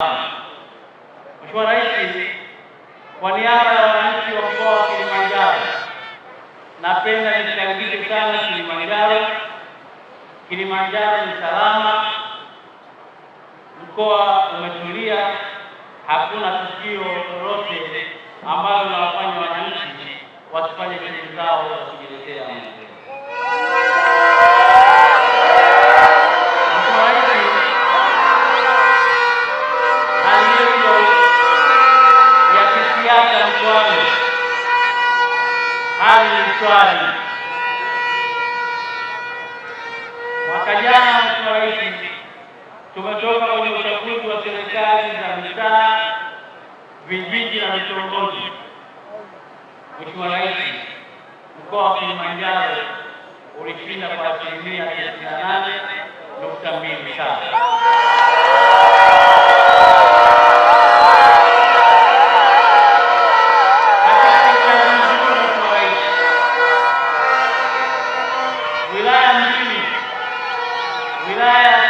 Mheshimiwa Rais, kwa niaba ya wananchi wa mkoa wa Kilimanjaro, napenda nikukaribishe sana Kilimanjaro. Kilimanjaro ni salama, mkoa umetulia, hakuna tukio lolote ambalo linawafanya wananchi wasifanye shughuli zao za kujiletea wangu hali ni mtwari. Mwaka jana mtumaini, tumetoka kwenye uchaguzi wa serikali za mitaa, vijiji na vitongoji. Mheshimiwa Rais, mkoa wa Kilimanjaro ulishinda kwa asilimia 98.27.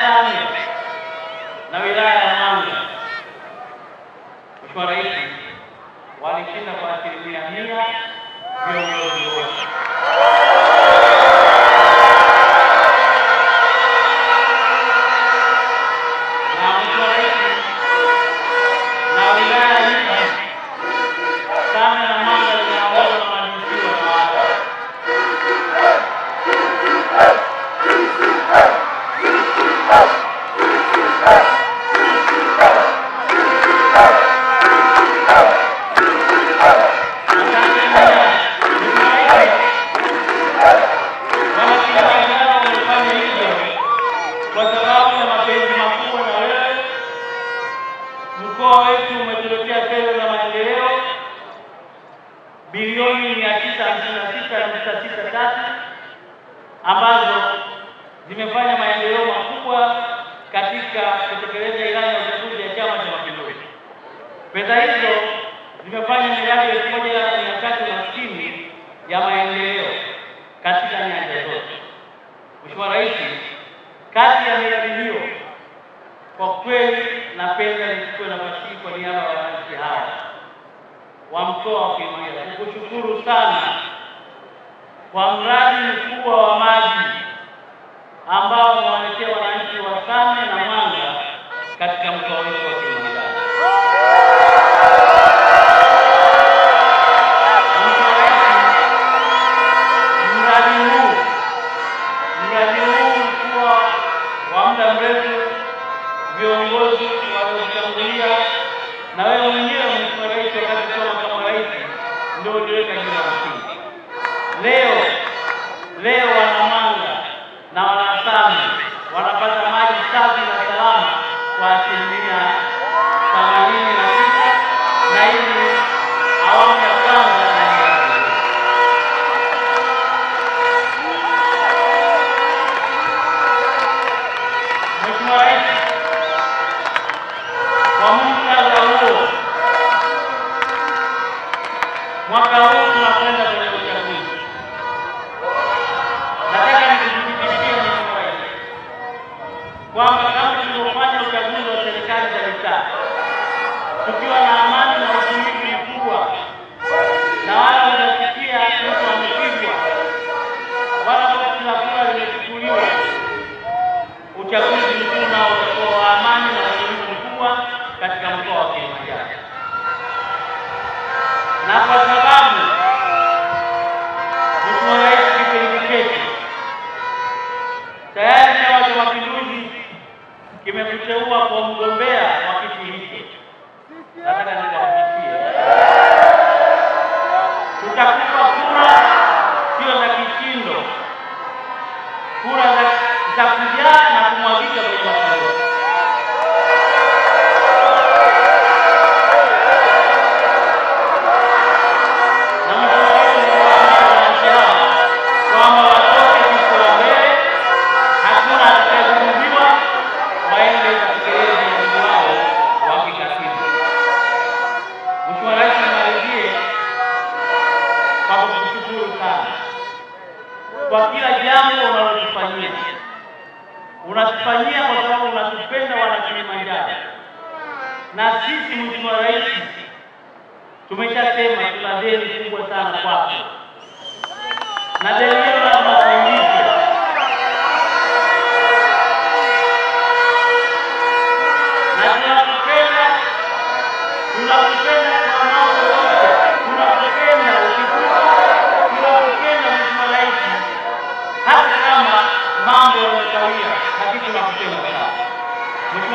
ya na wilaya ya Manga, Mheshimiwa Rais, walishinda kwa asilimia mia viongozi wote. bilioni mia tisa hamsini na sita nukta sita tatu ambazo zimefanya maendeleo makubwa katika kutekeleza ilani ya uchaguzi ya Chama cha Mapinduzi. Fedha hizo zimefanya miradi elfu moja mia tatu na sitini ya maendeleo katika nyanja zote. Mheshimiwa Rais, kati ya miradi hiyo kwa kweli napenda nichukue nafasi hii kwa niaba ya wananchi hawa wa mkoa wa Kagera, nikushukuru sana kwa mradi mkubwa wa maji ambao umewaletea wananchi wa Same na Mwanga katika mkoa wetu wa Kagera. Mradi huu mradi huu mkubwa wa muda mrefu, viongozi waliotangulia na wewe mwenyewe Mheshimiwa Rais wakati kuwa makamu rais ndio uliweka hilo msingi. Leo leo wana ukiwa na amani na utulivu mkubwa, na wala watasikia mtu amepigwa, wala boksi la kura limechukuliwa. Uchaguzi mkuu nao utakuwa wa amani na utulivu mkubwa katika mkoa wa Kilimanjaro, na kwa sababu Mheshimiwa Rais Kithure Kindiki tayari Chama cha Mapinduzi kimekuteua kwa mgombea za kujaa na kumwagika kwenye watu wote. kwa kila jambo unalolifanyia unatufanyia kwa sababu unatupenda wana Kilimanjaro. Na sisi Mheshimiwa Rais, tumeshasema tuna deni kubwa sana kwako na deni